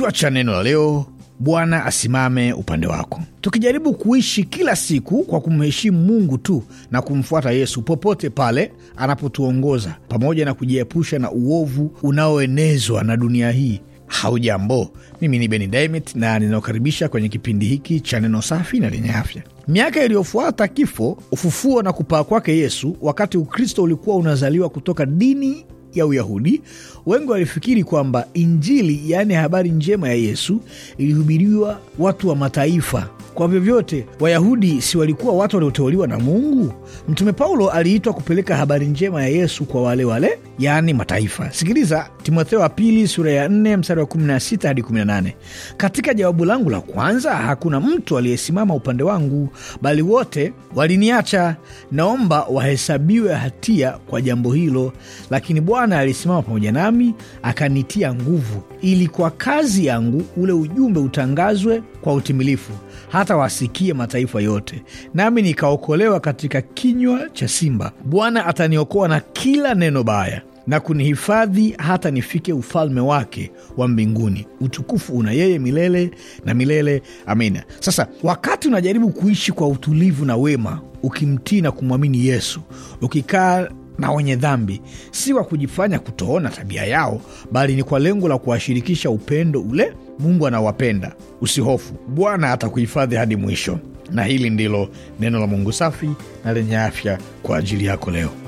Kichwa cha neno la leo: Bwana asimame upande wako. Tukijaribu kuishi kila siku kwa kumheshimu Mungu tu na kumfuata Yesu popote pale anapotuongoza, pamoja na kujiepusha na uovu unaoenezwa na dunia hii. Haujambo, mimi ni Beni Dimet na ninaokaribisha kwenye kipindi hiki cha neno safi na lenye afya. Miaka iliyofuata kifo, ufufuo na kupaa kwake Yesu, wakati Ukristo ulikuwa unazaliwa kutoka dini ya Uyahudi. Wengi walifikiri kwamba Injili, yaani habari njema ya Yesu, ilihubiriwa watu wa mataifa. Kwa vyovyote, Wayahudi si walikuwa watu walioteuliwa na Mungu? Mtume Paulo aliitwa kupeleka habari njema ya Yesu kwa wale wale, yaani mataifa. Sikiliza Timotheo wa pili sura ya 4 mstari wa 16 hadi 18: katika jawabu langu la kwanza hakuna mtu aliyesimama upande wangu, bali wote waliniacha. Naomba wahesabiwe hatia kwa jambo hilo, lakini Bwana Bwana alisimama pamoja nami akanitia nguvu, ili kwa kazi yangu ule ujumbe utangazwe kwa utimilifu, hata wasikie mataifa yote. Nami nikaokolewa katika kinywa cha simba. Bwana ataniokoa na kila neno baya na kunihifadhi hata nifike ufalme wake wa mbinguni. Utukufu una yeye milele na milele, amina. Sasa wakati unajaribu kuishi kwa utulivu na wema, ukimtii na kumwamini Yesu, ukikaa na wenye dhambi, si wa kujifanya kutoona tabia yao, bali ni kwa lengo la kuwashirikisha upendo ule Mungu anawapenda. Usihofu, Bwana atakuhifadhi hadi mwisho. Na hili ndilo neno la Mungu safi na lenye afya kwa ajili yako leo.